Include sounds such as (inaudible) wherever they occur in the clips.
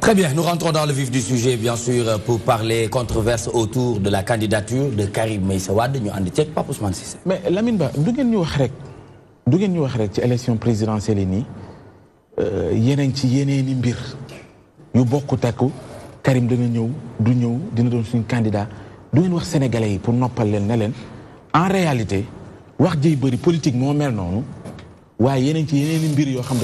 Très bien, nous rentrons dans le vif du sujet, bien sûr, pour parler controverse autour de la candidature de Karim Meissawad. Nous en étions pas pour ce moment Mais Lamine Ba, nous avons dit que nous avons dit que présidentielle est née. Il y Nous beaucoup Karim du nous, dina candidat du sénégalais pour nous parler de en réalité wax politique vous mel noonu waaye yeneen ci dit mbir xam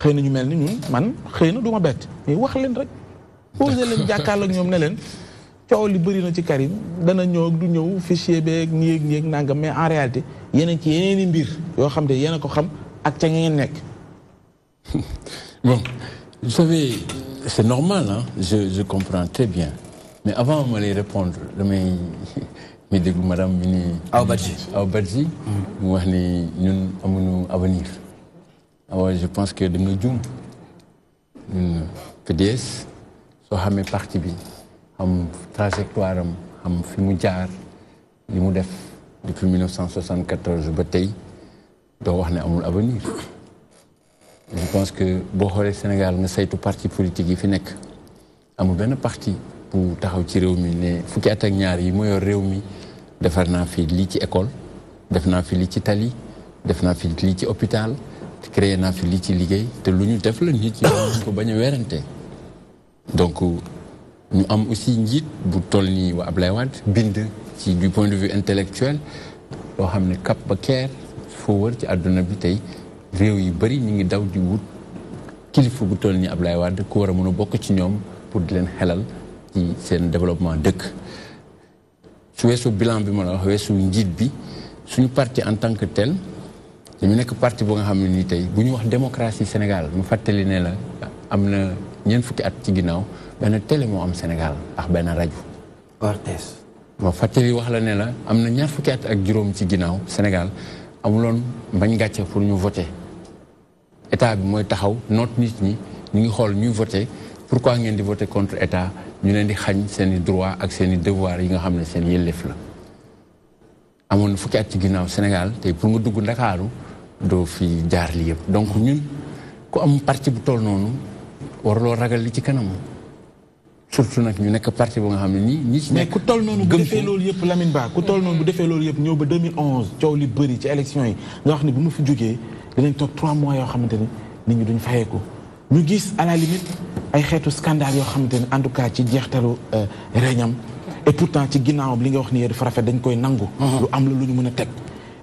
xeyna ñu mel ni ñun man xeyna duma du mais wax leen rek posé leen jàkkaarloo ak ñoom ne leen coow li bëri na ci Karim dana ñëw du ñëw fichier beeg ñeeg ñeeg nangam mais en réalité yéen a ci yeneen i mbir yoo xam ne yéen a ko xam ak ca ngeen nekk. (laughs) bon vous savez c'est normal ah je je comprends très bien mais avant ma lay répondre damay (laughs) may déglu madame mi ni. Awa Badji Awa Badji. Mm. mu wax ni ñun amuñu avenir waaw ah je pense que dañu jum une PDS soo xamee parti bi xam trajectoire am xam fi mu jaar li def depuis 1974 bataille, tey doo wax ne amul avenir je pense que boo xoolee Sénégal sait saytu parti politique yi fi nekk amul benn parti pour taxaw ci réew mi ne fukki at ak ñaar yi mu yor réew mi fi lii ci école def naa fi lii ci tali def naa fi ci hôpital créé naa fi li ci liggéey te lu ñu def la nit ñi ko bañu a werante donc ñu am aussi njiit bu toll nii waa Ablaye Wade bind ci du point de vue intellectuel loo xam ne kap ba keer foo wër ci àdduna bi tey réew yu bëri ñu ngi daw di wut kilifa bu toll nii Ablaye Wade ku war a mën a bokk ci ñoom pour di leen xelal ci seen développement dëkk su weesu bilan bi ma la wax weesu njiit bi suñu parti en tant que tel dañu nekk parti bu nga xam ne nii tey bu ñu wax démocratie Sénégal mu fàttali ne la am na ñeent fukki at ci ginnaaw benn télé am Sénégal ak benn rajo. RTS. ma fàttali wax la ne la am na ñaar fukki ak juróom ci ginnaaw Sénégal amuloon bañ gàccee pour ñu vote état bi mooy taxaw noot nit ñi ñu ngi xool ñuy voter pourquoi ngeen di voter contre état ñu leen di xañ seeni i droit ak seen i devoir yi nga xam ne seen yelleef la amoon fukki at ci ginnaaw Sénégal tey pour nga dugg Ndakaaru doo fi jaar li yëpp donc ñun ku am parti bu toll noonu loo ragal li ci kanam surtout nag ñu nekk parti bu nga xam ne nii. ñi ci nekk ku toll noonu loolu yëpp Lamine Ba ku toll noonu bu loolu yëpp ñëw ba 2011 coow li bëri ci élection yi nga wax ne bu ma fi jógee dinañ toog 3 mois yoo xamante ni nit ñi duñ fayeeku ñu gis à la limite ay xeetu scandale yoo xamante ni en tout cas ci jeextalu euh, réñam et pourtant ci ginnaawam li nga wax ni yëpp dafa rafet dañ koy nangu. lu am la lu ñu mën a teg.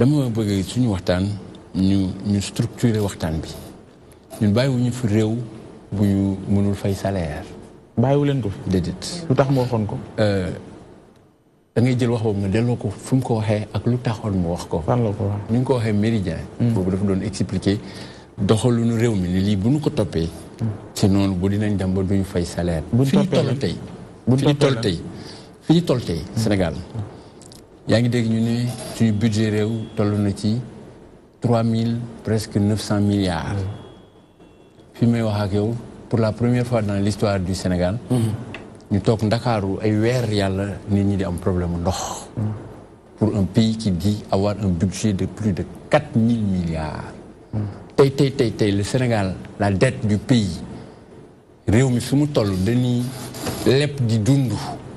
dama bëgg suñu waxtaan ñu ñu structurer waxtaan bi ñun bàyyiwuñu fi réew bu ñu mënul fay salaire. bàyyiwu leen ko fi. déedéet lu tax mu waxoon ko. Euh, da ngay jël wax boobu nga delloo ko fu ko waxee ak lu taxoon mu wax ko. fan ko wax ngi ko waxee méridien. Hmm. boobu dafa doon expliquer doxaluñu réew mi ni lii bu ñu ko toppee. Hmm. ci noonu bu dinañ dem ba duñu fay salaire. bu ñu fi ñu toll tey. bu toll tey fi ñu toll tey hmm. Sénégal. Il y a ñu suñu budget réew 3 na presque 900 milliards. Mm. fi may wax pour la première fois dans l'histoire du Sénégal. nous mm. toog ndakaaru ay Yalla nit ñi di am problème mm. pour un pays qui dit avoir un budget de plus de 4 000 milliards. le Sénégal la dette du pays réew mi su mu dañuy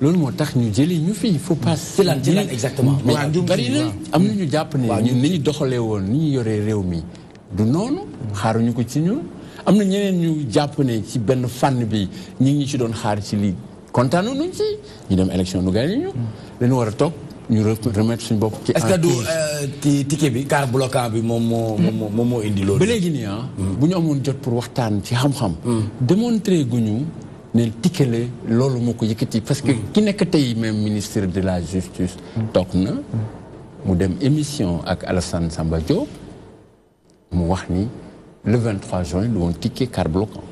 loolu moo tax ñu jëlee ñu fi il faut pas. ci lan ci lan exactement. mais am na ñu jàpp ne ñun ni ñu doxalee woon ni ñu yoree réew mi du noonu. xaaruñu ko ci ñun. am na ñeneen ñu jàpp ne ci benn fànn bi ñu ngi ci doon xaar ci lii kontaanoo nuñ ñu dem élection nu gagné ñu. dañu war a toog ñu remettre suñu bopp. ci en est-ce que du ci euh, ticket bi car bloquant bi moom moo. moom moo indi loolu. ba léegi nii ah. Hmm. bu ñu amoon jot pour waxtaan ci xam-xam. Hmm. gu guñu. neen tikkale loolu parce que qui n'est que même ministre de la justice Tokna, nous mu dem émission avec Alassane Samba Diop ni le 23 juin nous un ticket car bloquant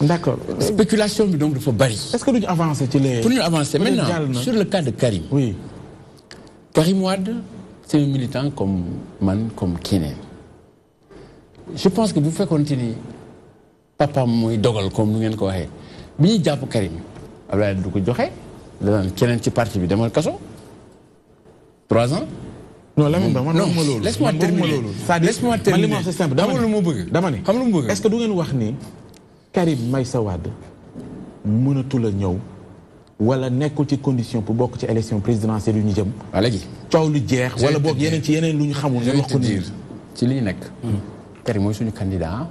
d'accord spéculation donc il faut bari est-ce que nous avancer les pour nous avancer maintenant sur le cas de Karim oui Karim Wade c'est un militant comme man comme je pense que vous faites continuer Papa papaam dogal comme rien ko bi ñuy jàpp Karim Abdoulaye du ko joxe danaan keneen ci parti bi demal trois ans. non non laisse-moi terminer laisse-moi simple. dama lu mu dama xam lu mu est-ce que du ngeen wax ni Karim Meïssa Wade mënatul a ñëw wala nekkul ci condition pour bokk ci élection présidentielle yu ñu jëm. Ou ah, léegi coow lu jeex. wala boog yeneen ci yeneen lu ñu xamul. ñu wax ko ci li nekk. Hmm. Karim suñu candidat.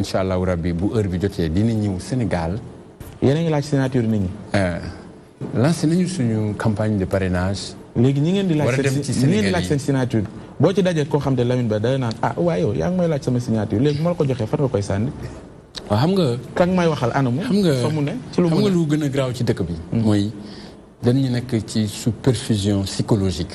incha allahu rabbi bu heure bi jotee dina ñëw Sénégal. yéen a ngi laaj signature nit ñi. Euh, lancé nañu suñu campagne de parrainage. léegi ñi ngeen di laaj seen ñi ngeen di laaj seen signature. boo ci dajee koo xam ne Lamine Ba day naan ah waaye yaa ngi may laaj sama signature léegi ma la ko joxee fan nga koy sànni. waaw xam nga. kan may waxal anamu. xam nga mu ne ci lu mu ne xam nga lu gën a graaw ci dëkk bi. Hmm. mooy ñu nekk ci sous perfusion psychologique.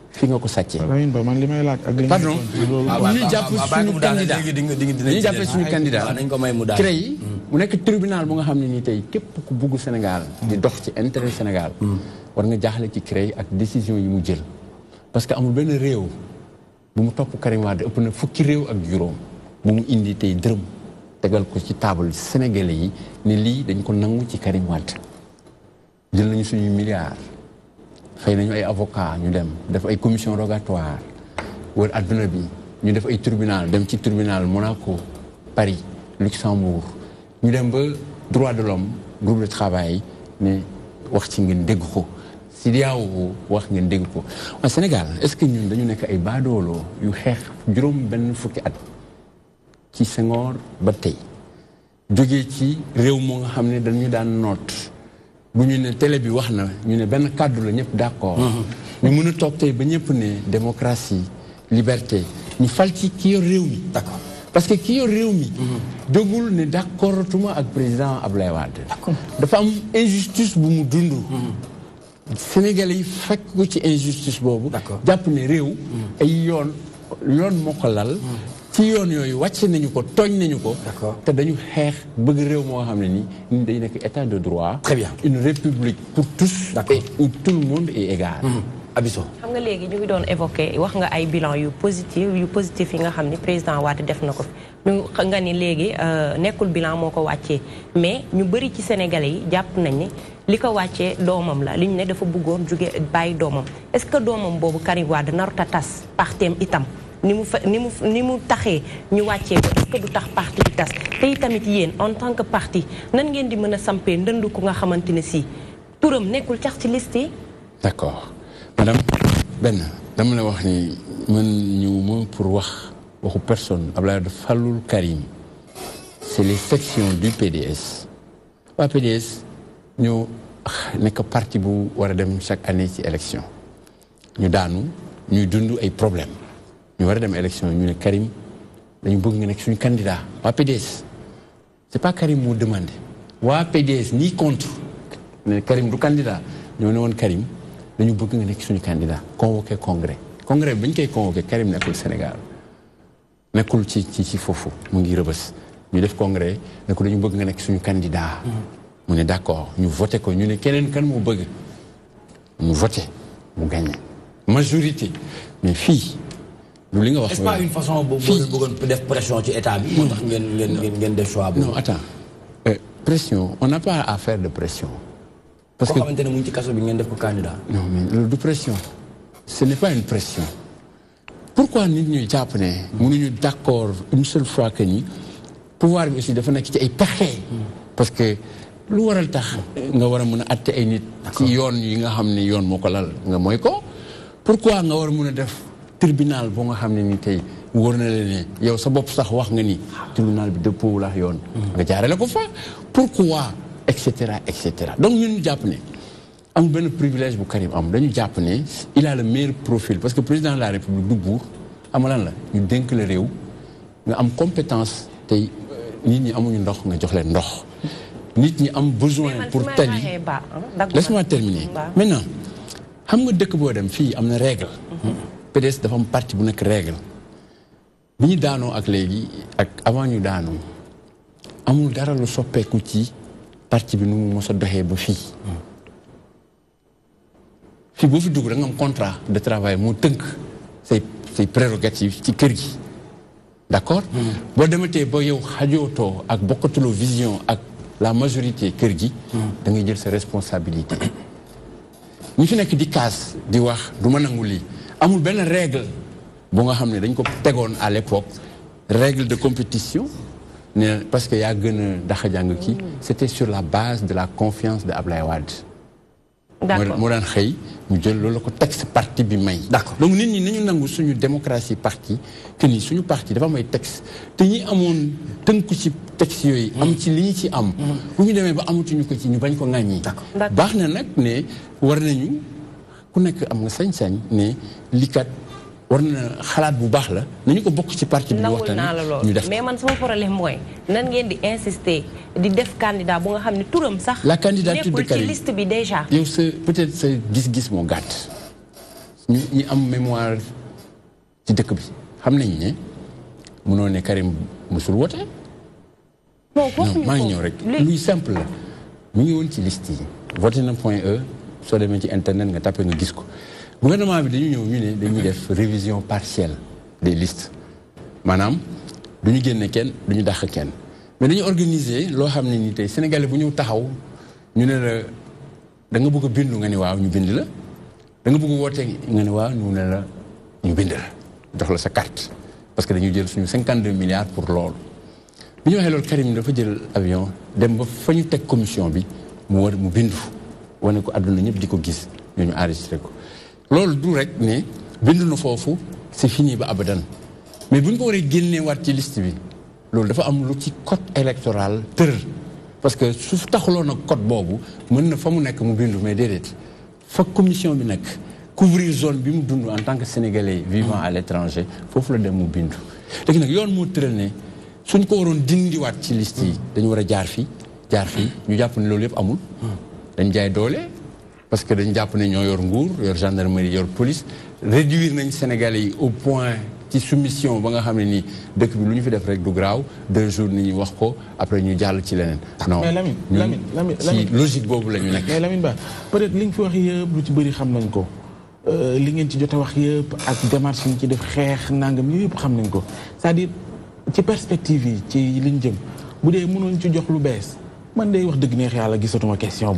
fi nga ko sàccee. ba man li may laaj ak li pardon ñu jàpp suñu candidat ñu jàppee suñu candidat CREI yi hmm. mu nekk tribunal bu nga xam ne nii tey képp ku bugg Sénégal di dox ci intérêt Sénégal hmm. war nga jaaxle ci yi ak décision yi mu jël parce que amul benn réew bu mu topp Karim Wade ëpp na fukki réew ak juróom bu mu indi tey dërëm tegal ko ci table sénégalais yi ne lii dañ ko nangu ci Karim Wade jël nañu suñu milliards fay nañu ay avocat ñu dem def ay commission rogatoire wër àdduna bi ñu def ay tribunal dem ci tribunal Monaco Paris Luxembourg ñu dem ba droit de l'homme groupe de travail ne wax ci ngeen dégg ko si diaawu wax ngeen dégg ko waa Sénégal est-ce que ñun dañu nekk ay baadooloo yu xeex juróom benn fukki at ci Senghor ba tey jóge ci réew moo nga xam ne dañu daan noot bu ñu ne télé bi wax na ñu ne benn kàddu la ñëpp d'accord mhm. ñu mën a toog tey ba ñëpp ne démocratie liberté ñu fal ci ki yor réew mi d'accord parce que ki yor réew mi dogul mhm. ne d'accordatuma ak président Ablaye Wade dafa am injustice bu mu dund mhm. Sénégalais yi fekk ko ci injustice boobu jàpp ne réew ay yoon yoon moo lal ci yoon yooyu wàcc nañu ko tooñ nañu ko. te dañu xeex bëgg réew moo xam ne nii ni day nekk état de droit. très bien une république pour tous. et où tout le monde est égal. Hum, Abiso xam nga léegi ñu ngi doon évoqué wax nga ay bilan yu positif yu positif yi nga xam ni président Wade def na ko fi ñu nga ni léegi euh, nekkul bilan moo ko wàccee mais ñu bëri ci Sénégalais yi jàpp nañ ni li ko wàccee doomam la li ñu ne dafa bëggoon jóge bàyyi doomam est-ce que doomam boobu Karim Wade narut a tas partem itam. ni mu ni mu taxee ñu wàccee ko du tax parti bi tas te itamit yéen en tant que parti nan ngeen di mën a sampee ndënd ku nga xamante ne si turam nekkul cax ci liste yi. d'accord madame benn dama la wax ni man ñëwuma pour wax waxu personne Abdoulaye Wade fàllul Karim c'est les sections du PDS waa PDS ñoo nekk parti bu war a dem chaque année ci élection ñu daanu ñuy dund ay problèmes. ñu war a dem élection ne Karim dañu bëgg nga nekk suñu candidat waa PDS c'est pas Karim moo demande, PDS ni contre Karim du candidat ñoo ne Karim dañu bëgg nga nekk suñu candidat convoqué congrès congrès bi koy convoqué Karim au Sénégal nekkul ci ci ci mu ngi ñu congrès ne ko bëgg nga candidat mm-hmm. mu ne d'accord ñu voté ko ñu ne keneen majorité mais fii lu li nga wax. est-ce pas une façon bu bëggoon def pression ci état bi. moo tax ngeen ngeen ngeen def choix non attends euh, pression on n'a pas à faire de pression. parce que koo xamante ne mu ngi ci kaso bi ngeen def ko candidat. non mais loolu du pression. ce n'est pas une pression. pourquoi nit ñuy jàpp ne. mënuñu d'accord une seule fois que ni pouvoir bi aussi dafa nekk ci ay pexe. parce que lu waral tax. nga war a mën a atte ay nit. ci yoon yi nga xam ne yoon moo ko lal nga mooy ko. pourquoi nga war a mën a def. tribunal boo nga xam ne ni tey wóor na la ne yow sa bopp sax wax nga ni tribunal bi dëppoo la yoon. nga la ko fa pourquoi et cetera et cetera donc ñun jàpp ne am benn privilège bu Karim am dañu jàpp ne il a le profil parce que président de la république du buur ama lan la ñu dénk la réew nga am compétence tey euh, nit ñi amuñu ndox nga jox leen ndox. nit ñi am besoin pour tali laisse-moi terminer maintenant xam nga dëkk boo dem fii am na règle. Mm-hmm. PDS dafa am parti bu nekk règle bi ñu daanoo ak léegi ak avant ñu daanoo amul dara lu soppeeku ci parti bi nu mu mos a doxee ba fii fii boo fi dugg da nga am contrat de travail moo tënk say say prérogatives ci kër gi d'accord hmm. boo dematee ba yow xajootoo ak bokkatuloo vision ak la majorité kër gi hmm. da ngay jël sa responsabilité ñu fi nekk di kaas di wax du ma nangu lii amul benn règle bu nga à l'époque règle de compétition parce que y a c'était sur la base de la confiance de Ablaye d'accord mu jël texte parti donc nit ñi nangu démocratie parti que ni suñu parti dafa may texte ñi ci texte mm. am ci am. Mm. ko ci ñu bañ ko ku nekk am nga sañ-sañ ne li kat war na xalaat bu baax la nañu ko bokk ci parti bi. waxtaan naa la loolu mais man sama problème mooy nan ngeen di insister di def candidat bu nga xam ne turam sax. la candidature de Karim ci liste bi déjà. sa gis-gis moo gàtt ñu ñi dëkk bi xam nañu ne mënoo ne Karim musul wote. maa ngi ñëw rek luy simple la mu ngi woon ci liste yi. voté na point E. soo demee ci internet nga tapé discours. ko gouvernement bi dañu ñëw ñu révision partielle des listes Madame, duñu génne kenn mais dañu sénégalais waaw carte parce que nous jël suñu 52 milliards pour loolu bi ñu waxee Karim jël avion dem commission bi mu wane ko aduna ñëpp di ko gis ñu ñu enregistré ko loolu du rek ne bind na foofu c'est fini ba abadan mais bu ñu ko waree génneewaat ci liste bi loolu dafa am lu ci code électoral tër parce que su taxuloon na code boobu mën na fa mu nekk mu bindu mais déedéet fa commission bi nekk couvrir zone bi mu dund en tant que sénégalais vivant à l'étranger foofu la dem mu bindu léegi nag yoon moo tëral ne suñ ko waroon dindiwaat ci liste yi dañu war a jaar fii jaar fii ñu jàpp ne loolu yëpp amul dañ jaay doole parce que dañ jàpp nañ ñoo yor nguur yor gendarmerie yor police réduire nañ Sénégalais yi au point ci soumission ba nga xam ne nii dëkk bi lu ñu fi def rek du graaw deux jours ni ñu wax ko après ñu jàll ci leneen. Ah, non mais Lamine Lamine logique boobu la ñu nekk. mais Lamine Ba peut être li nga fi wax yëpp lu ci bëri xam nañ ko euh, li ngeen ci jot a wax yëpp ak démarche yi ci def xeex nangam yooyu yëpp xam nañ ko cest à ci perspective yi ci liñ jëm bu dee mënoon ci jox lu bees. man day wax si neex question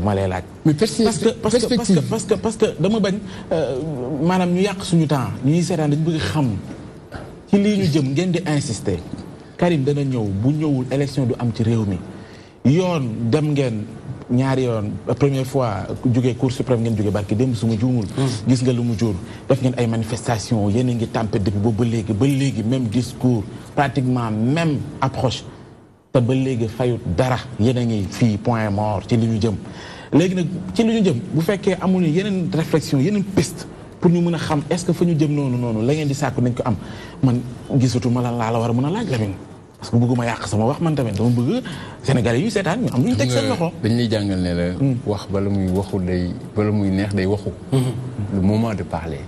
mais parce que parce que parce que parce que dama bañ euh, ñu suñu temps insister Karim dana ñëw bu ñëwul élection du am ci réew euh, première fois a ngi ba même discours pratiquement même approche te ba léegi fayut dara yéen a ngi fii point mort ci li ñu jëm léegi nag ci li ñu jëm bu fekkee amul yeneen réflexion yeneen piste pour ñu mën a xam est-ce que fa ñu jëm noonu noonu la ngeen di sàkku nañ ko am man gisatu lan laa la war a mën a laaj Lamine parce que bëgguma yàq sama wax man tamit dama bëgg Sénégalais yi seetaan ñu am lu ñu teg seen loxo. dañ lay jàngal ne la. Hmm. wax bala muy waxu day bala muy neex day waxu. Hmm. le moment de parler.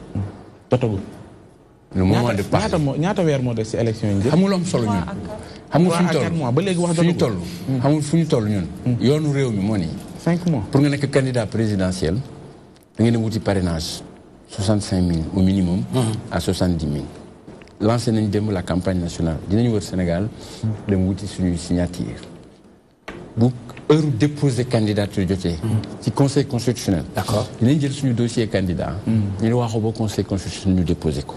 jotagul. Hmm. le moment de parler ñaata ñaata weer moo des si élection yi. xam solo ñun. amul fu ñu toll mois ba léegi wax fu ñu toll amul fu ñu toll ñun hmm. yoonu réew mi moo nii cinq mois pour nga nekk candidat présidentiel da ngeen di wuti parrainage soixante cinq mille au minimum hmm. à soixante dix mille lancé nañ démb la campagne nationale dinañu wër Sénégal hmm. dem wuti suñuy signature bu heure déposer candidature jotee ci conseil constitutionnel d'accord dinañ jël suñu dossier candidat ñu ne waaxoo ba conseil constitutionnel ñu déposé ko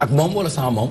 ak moom wala sans moom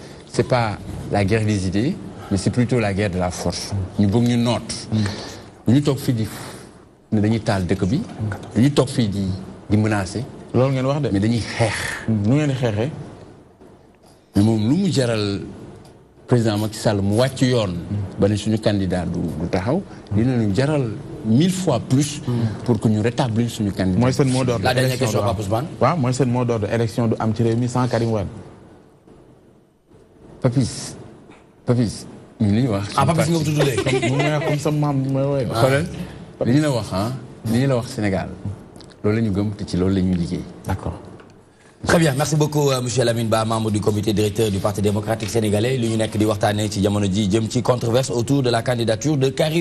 c'est pas la guerre des idées, mais c'est plutôt la guerre de la force. Ni bëgg ñu noot. ñu toog fii di ne dañuy taal dëkk bi. ñu toog fii di di menacer. loolu ngeen wax de. mais dañuy xeex. Nous ngeen di xeexee. mais moom lu mu jaral président Macky Sall mu wàcc yoon. ba ne suñu candidat du du taxaw. dinañu jaral mille fois plus. pour que ñu rétablissions suñu candidat. c'est le mot d'ordre la dernière question Pape Ousmane. Moi c'est le mot d'ordre élection du am ci sans Karim Wade papis papis ñu li ah papis nga ko tudd léegi. comme sa maam ouais. woy. xoolal li ñu wax la wax Sénégal loolu lañu gëm te ci loolu lañu d'accord. Très bien, merci beaucoup euh, monsieur Lamine Ba, membre du comité directeur du Parti démocratique sénégalais. L'Union nekk di waxtaanee ci jamono ji jëm ci controverse autour de la candidature de Karim